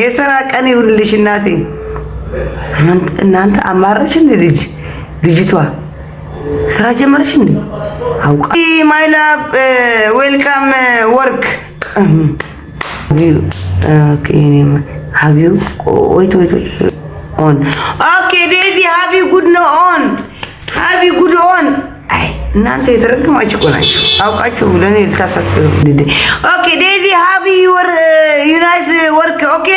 የስራ ቀን ይሁንልሽ እናቴ። እናንተ አማረች እንደ ልጅ ልጅቷ ስራ ጀመረች እንደ አውቃ ማይላ ዌልካም ወርክ ሀቢው ወይት ወይት ኦን ኦኬ ዴዚ ሀቢ ጉድ ነው ኦን ሀቢ ጉድ ኦን እናንተ የተረገማችሁ እኮ ናችሁ አውቃችሁ ለእኔ ልታሳስብ ኦኬ ሃቭ ዩር ዩናይት ወርክ ኦኬ።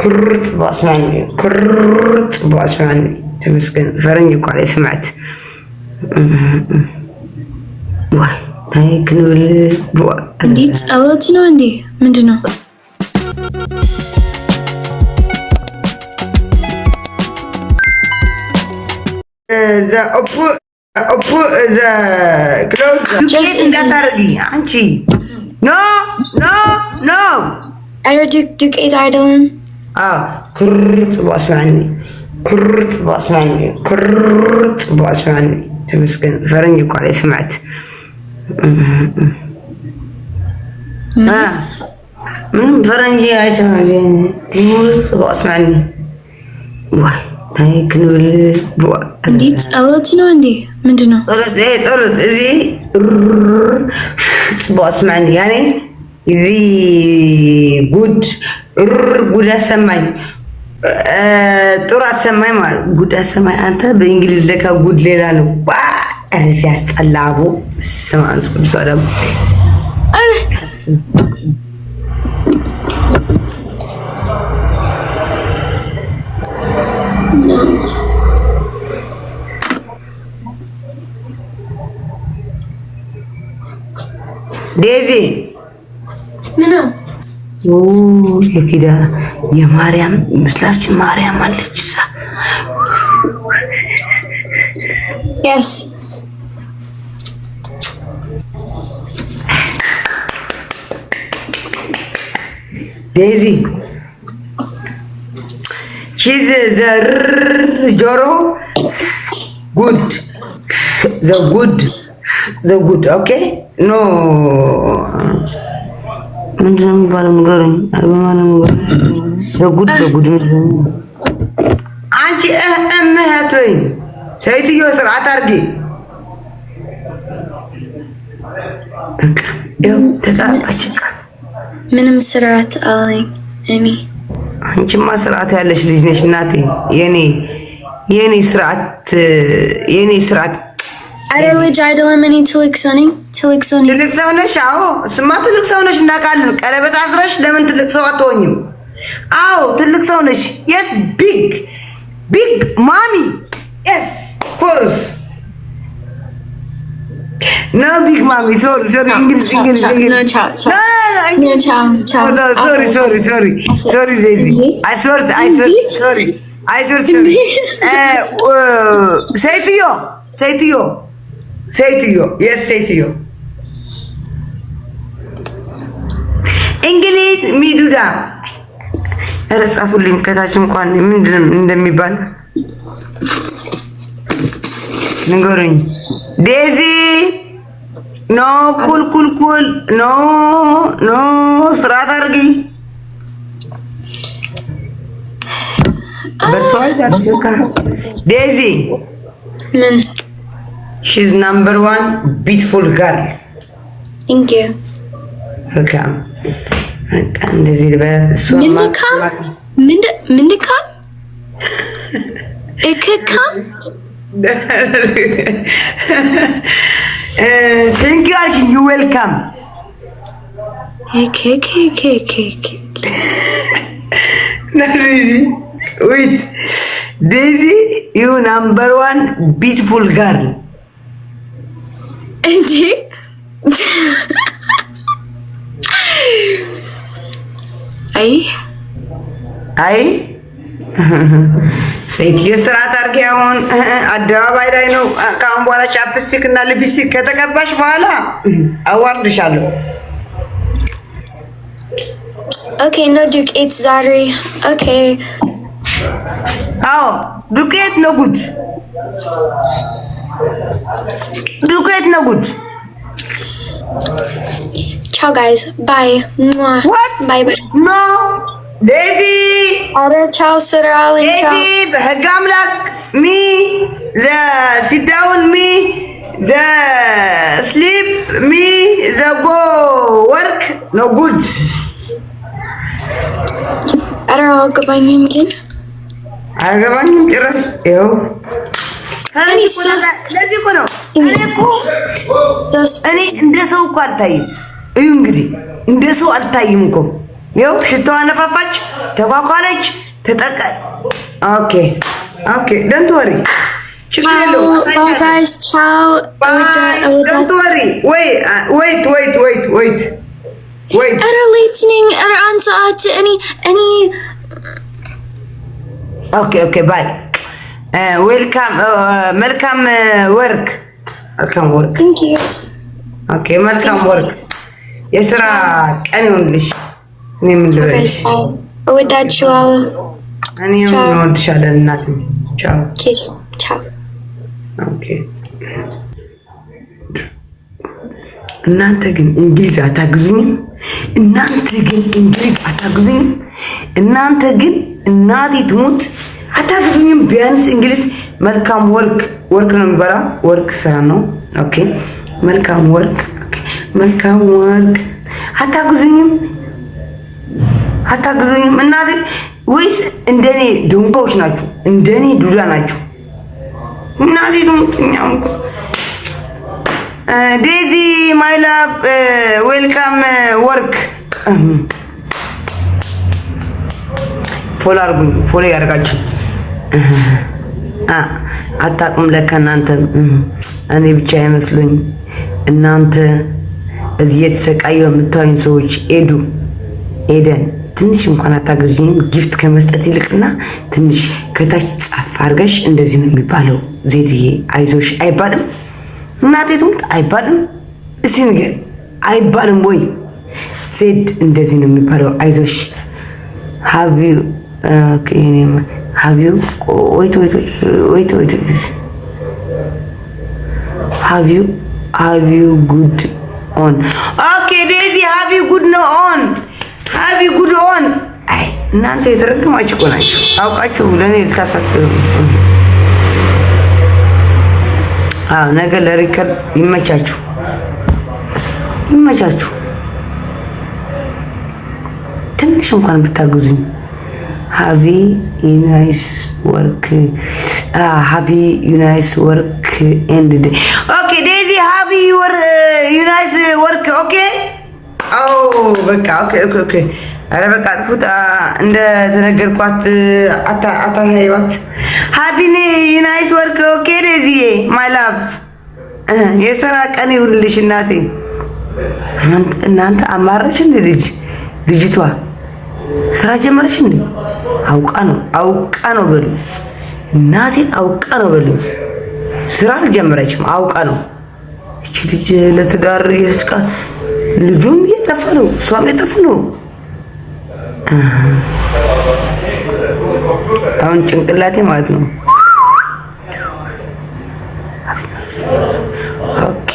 ኩርጥ ባስማኒ ኩርጥ አንቺ ኖ ኖ ኖ ዱቄት አይደለም። ኩርጥ በስማኒ ኩርጥ በስማኒ ኩርጥ በስማኒ ተመስገን። ፈረንጅ እኮ ላይ ስማት ምንም ፈረንጅ አይሰማም። ኩርጥ በስማኒ ወይ ክንብል እንዴት ጸሎት ነው እንዴ? ምንድን ነው ፀሎት እዚ ፅቡቅ ስማዕኒ ያኔ እዚ ጉድ ጉድ ሰማይ ጥሩ አሰማይ ጉድ አሰማይ አንተ በእንግሊዝ ለካ ጉድ ሌላ ነው። ኧረ ሲያስጠላ አቦ ስማ ቅዱስ አዳም ዴዚ የኪዳ የማርያም ምስላችን ማርያም አለች እዛ ዴዚ ሺዝ ዘር ጆሮ ጉድ ዘጉድ ዘጉድ ኦኬ ኖ ምንድን ነው የሚባለው? ንገሩኝ። አልበማነ በጉድ በጉድ አንቺ እምህት ወይ ሰይትዮ ስርዓት አድርጊ። ምንም ስርዓት አለኝ እኔ። አንቺማ ስርዓት ያለሽ ልጅ ነሽ እናቴ። የኔ የኔ ስርዓት የኔ ስርዓት አረ ልጅ አይደለም እኔ ትልቅ ሰው ነኝ። ትልቅ ሰው ነሽ። አዎ ስማ፣ ትልቅ ሰው ነሽ እናውቃለን። ቀለበት አስረሽ ለምን ትልቅ ሰው አትሆኝም? አዎ ትልቅ ሰው ነሽ። የስ ቢግ ቢግ ማሚ የስ ኮርስ ኖ ቢግ ማሚ ሶሪ ሶሪ እንግሊዝ እንግሊዝ ሶሪ ሶሪ ሶሪ ሶሪ ሶሪ ሶሪ ሴትዮ ሴትዮ ሴትዮ የስ ሴትዮ እንግሊዝ ሚዱዳ ረጻፉልኝ ከታች እንኳን ምንድን እንደሚባል ንገሩኝ። ዴዚ ኖ ኩል ኩል ኩል ኖ ኖ ስርዓት አድርጊ። ዴዚ ምን ሺዝ ናምበር ዋን ቢትፉል ጋር ቴንክ ዩ ምንድካም እክካም ቴንክ ዩ አልሽኝ። ዩ ዌልካም ዴዚ ዩ ናምበር ዋን ቢትፉል ጋርል እንጂ አይ አይ ሴትዮ ስርዓት አድርጌ አሁን አደባባይ ላይ ነው። ከአሁን በኋላ ቻፕስቲክ እና ልብስቲክ ከተቀባሽ በኋላ አዋርድሻለሁ። ኦኬ ኖ ዱቄት ዛሬ። ኦኬ አዎ ዱቄት ነው ጉድ፣ ዱቄት ነው ጉድ ቻው ጋይዝ ባይ ባይ ባይ። ዴዚ አረ ቻው ስራው ቻው በህግ አምላክ ሚ ዘ ሲት ሚ ዘ ስሊፕ ሚ ዘ ጎ ወርክ ኖ ጉድ። አረ አገባኝም ግን አገባኝም ጭራሽ ይኸው ለዚህ እኮ ነው እኔ እኮ እኔ እንደ ሰው እኮ አልታይም። እዩ እንግዲህ እንደ ሰው አልታይም እኮ ይኸው ሽቶ አነፋፋች፣ ተኳኳለች፣ ተጠቀ ኦኬ ኦኬ ደንት ወሪ ችግር የለውም። ደንት ወሪ ወይ ወይት ወይት ወይት ወይት ወይት ኧረ ሌት ነኝ። ኧረ አንድ ሰዓት እኔ እኔ ኦኬ ኦኬ ባይ ዌልካም መልካም ወርክ መልካም ወርቅ። ኦኬ፣ መልካም ወርቅ። የስራ ቀን ይሁንልሽ። እኔ ምን ልበልሽ? እወዳችኋለሁ። እኔም እንወድሻለን እናት። ቻው ቻው። እናንተ ግን እንግሊዝ አታግዙኝም። እናንተ ግን እንግሊዝ አታግዙኝም። እናንተ ግን እናቴ ትሙት አታግዙኝም። ቢያንስ እንግሊዝ መልካም ወርቅ ወርቅ ነው የሚበላ ወርቅ ስራ ነው። ኦኬ መልካም ወርቅ መልካም ወርቅ አታግዙኝም፣ አታግዙኝም እናቴ ወይስ እንደኔ ድንቦች ናችሁ? እንደኔ ዱዳ ናችሁ? እናቴ ዶንቅኛ ዴዚ ማይ ላቭ ዌልካም ወርክ ፎሎ አርጉኝ፣ ፎሎ ያደርጋችሁ አታውቁም ለካ እናንተ። እኔ ብቻ አይመስሉኝ እናንተ እዚህ የተሰቃየው የምታዩኝ ሰዎች ኤዱ ኤደን ትንሽ እንኳን አታገዙኝም። ጊፍት ከመስጠት ይልቅና ትንሽ ከታች ጻፍ አድርገሽ እንደዚህ ነው የሚባለው። ዜድዬ አይዞሽ አይባልም፣ እናቴ ትሙት አይባልም። እስቲ ንገር አይባልም ወይ? ዜድ እንደዚህ ነው የሚባለው አይዞሽ ሀቪ ሀቪዩ ወይት ወይት ወይት ወይት ሀቪዩ ጉድ ኦን ኦኬ ዴዚ ሀቪዩ ጉድ ነው ኦን ሀቪዩ ጉድ ኦን። አይ እናንተ የተረገማችሁ እኮ ናችሁ አውቃችሁ ለእኔ ልታሳስሩ። አዎ ነገ ለሪከርድ ይመቻችሁ፣ ይመቻችሁ። ትንሽ እንኳን ብታግዙኝ ሀቪ ዩናይስ ወርክ ሃቪ ዩናይስ ወርክ ኤንድ ዴይ ኦኬ ዴዚ ሃቪ ዩናይስ ወርክ ኦኬ አዎ በቃ ኦኬ ኦኬ ኦኬ አረ በቃ ጥፉት። እንደ ተነገርኳት አታሳይዋት። ዩናይስ ወርክ ኦኬ ዴዚዬ ማይ ላቭ የስራ ቀን ይሁንልሽ እናቴ። እናንተ አማረች እንደ ልጅ ልጅቷ ስራ ጀመረች እንደ አውቃ ነው አውቃ ነው በሉ። እናቴን አውቃ ነው በሉ። ስራ አልጀመረችም አውቃ ነው። እቺ ልጅ ለትዳር የስቃ ልጁም እየጠፋ ነው፣ እሷም እየጠፉ ነው። አሁን ጭንቅላቴ ማለት ነው። ኦኬ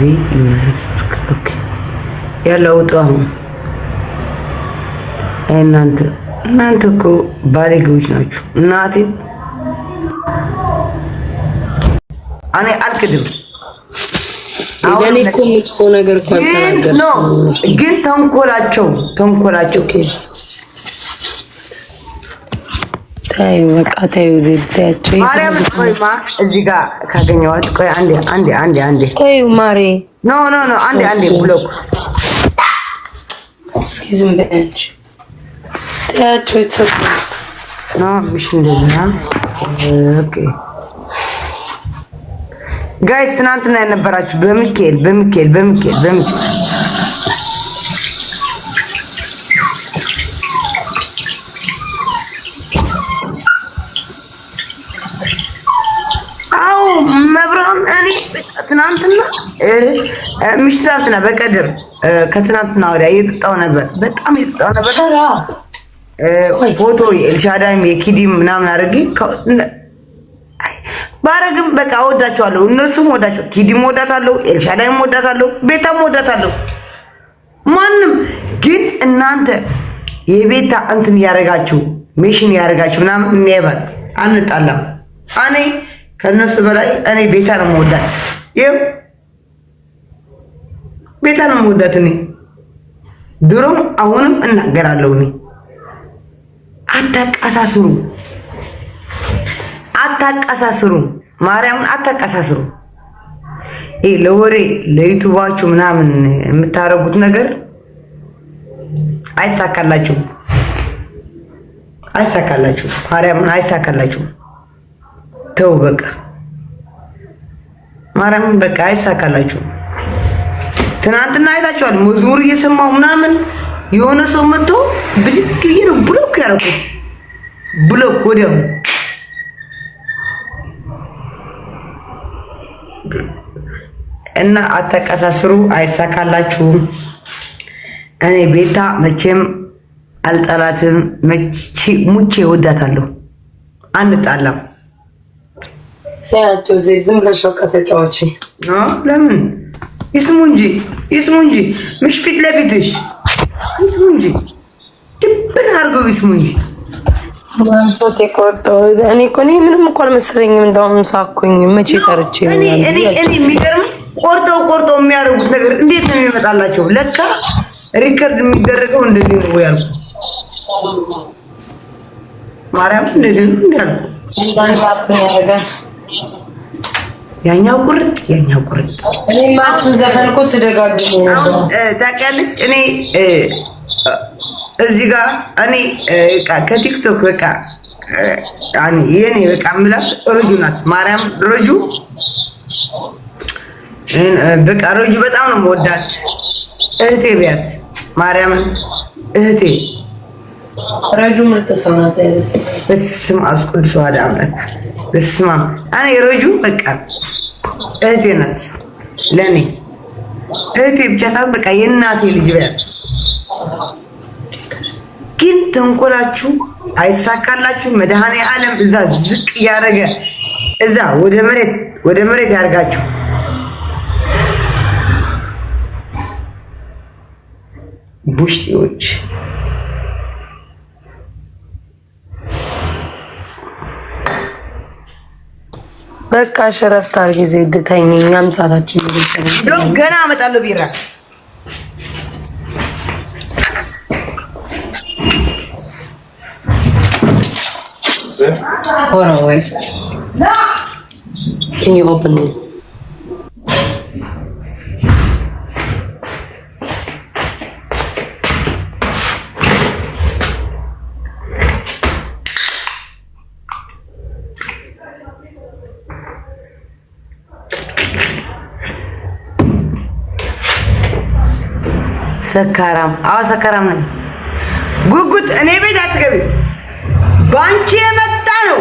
ቢ ያለውጡ አሁን እናንተ እናንተ እኮ ባለጌዎች ናችሁ። እናቴን እኔ አልክድም። ግን ተንኮላቸው ተንኮላቸው ታዩ በቃ ማርያም ቆይ ማ እዚህ ጋር ካገኘዋት። ቆይ አንዴ አንዴ አንዴ አንዴ ማሬ ኖ ኖ ኖ አንዴ አንዴ ብሎክ እስኪ ዝም ኖ ምሽ ኦኬ ጋይስ ትናንትና የነበራችሁ በሚካኤል በሚካኤል በሚካኤል በሚካኤል ትናንትና ምሽት ትናንትና በቀደም ከትናንትና ወዲያ እየጠጣሁ ነበር፣ በጣም እየጠጣሁ ነበር። ፎቶ የኤልሻዳይም የኪዲም ምናምን አድርጌ ባረግም በቃ ወዳቸዋለሁ፣ እነሱም ወዳቸው፣ ኪዲም ወዳታለሁ፣ ኤልሻዳይም ወዳታለሁ፣ ቤታም ወዳታለሁ። ማንም ግን እናንተ የቤታ እንትን ያደረጋችሁ ሜሽን ያደረጋችሁ ምናምን እንያይባል አንጣላም። እኔ ከእነሱ በላይ እኔ ቤታ ነው የምወዳት። ይኸው ቤታ ነው የምወዳት እኔ ድሮም አሁንም እናገራለሁ። እኔ አታቀሳስሩ፣ አታቀሳስሩ፣ ማርያምን አታቀሳስሩ። ይ ለወሬ ለዩቱባችሁ ምናምን የምታደርጉት ነገር አይሳካላችሁም፣ አይሳካላችሁም፣ ማርያምን አይሳካላችሁም። ተው በቃ። ማርያምን በቃ አይሳካላችሁ። ትናንትና አይታችኋል። መዝሙር እየሰማሁ ምናምን የሆነ ሰው መጥቶ ብድግ ብዬ ነው ብሎክ ያደረኩት። ብሎክ ወዲያው እና አተቀሳስሩ አይሳካላችሁም። እኔ ቤታ መቼም አልጠላትም፣ ሙቼ ወዳታለሁ፣ አንጣላም። ያቸው እዚህ ዝም ብለሽ በቃ ተጫዋች ለምን ይስሙ እንጂ ይስሙ እንጂ ምሽ ፊት ለፊትሽ ይስሙ እንጂ ድብን አድርገው ይስሙ እንጂ ማንጾት የቆርጠው እኔ እኮ እኔ ምንም እኮ አልመሰለኝም። እንደውም ሳኩኝ መቼ ቀርቼ እኔ እኔ እኔ የሚገርም ቆርጠው ቆርጠው የሚያደርጉት ነገር እንዴት ነው የሚመጣላቸው? ለካ ሪከርድ የሚደረገው እንደዚህ ነው ያልኩ ማርያም እንደዚህ ነው እንዲያልኩ እንዳንዛብ ያደርጋል ያኛው ቁርጥ ያኛው ቁርጥ። እኔ ማሱ ዘፈን እኮ ስደጋግሙ ታውቂያለሽ። እኔ እዚህ ጋር እኔ በቃ ከቲክቶክ በቃ አኔ የኔ በቃ ምላት ሮጁ ናት። ማርያም ሮጁ በቃ ሮጁ በጣም ነው የምወዳት እህቴ ቢያት ማርያምን እህቴ ረጁ ምርጥ ሰው በስመ አብ ቅዱስ ዋዳ አምላክ በስመ አብ እኔ ረጁ በቃ እህቴ ናት ለእኔ እህቴ ብቻ ሳይሆን በቃ የእናቴ ልጅ በያት። ግን ተንኮላችሁ አይሳካላችሁ። መድኃኔ ዓለም እዛ ዝቅ እያደረገ እዛ ወደ መሬት ወደ መሬት በቃ እረፍት አድርጊ ዜድ ተይኝ። እኛም ሰዓታችን ገና አመጣለሁ ቢራ ሆነ ወይ ኪንግ ኦፕን ነው ሰካራም አዎ፣ ሰካራም ነኝ። ጉጉት እኔ ቤት አትገቢ። በአንቺ የመጣ ነው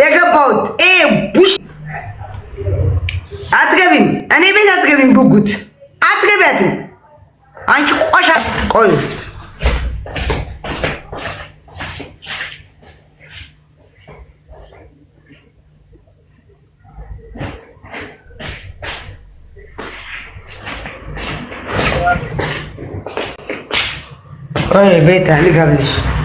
የገባሁት። ኤ ቡሽ አትገቢም። እኔ ቤት አትገቢም። ጉጉት አትገቢያትም። አንቺ ቆሻ ቆዩ Olha, bem, tá ligado isso.